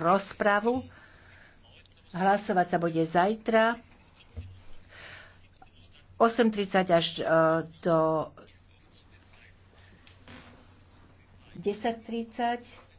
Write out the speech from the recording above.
rozpravu. Hlasovať sa bude zajtra 8.30 až e, do 10.30.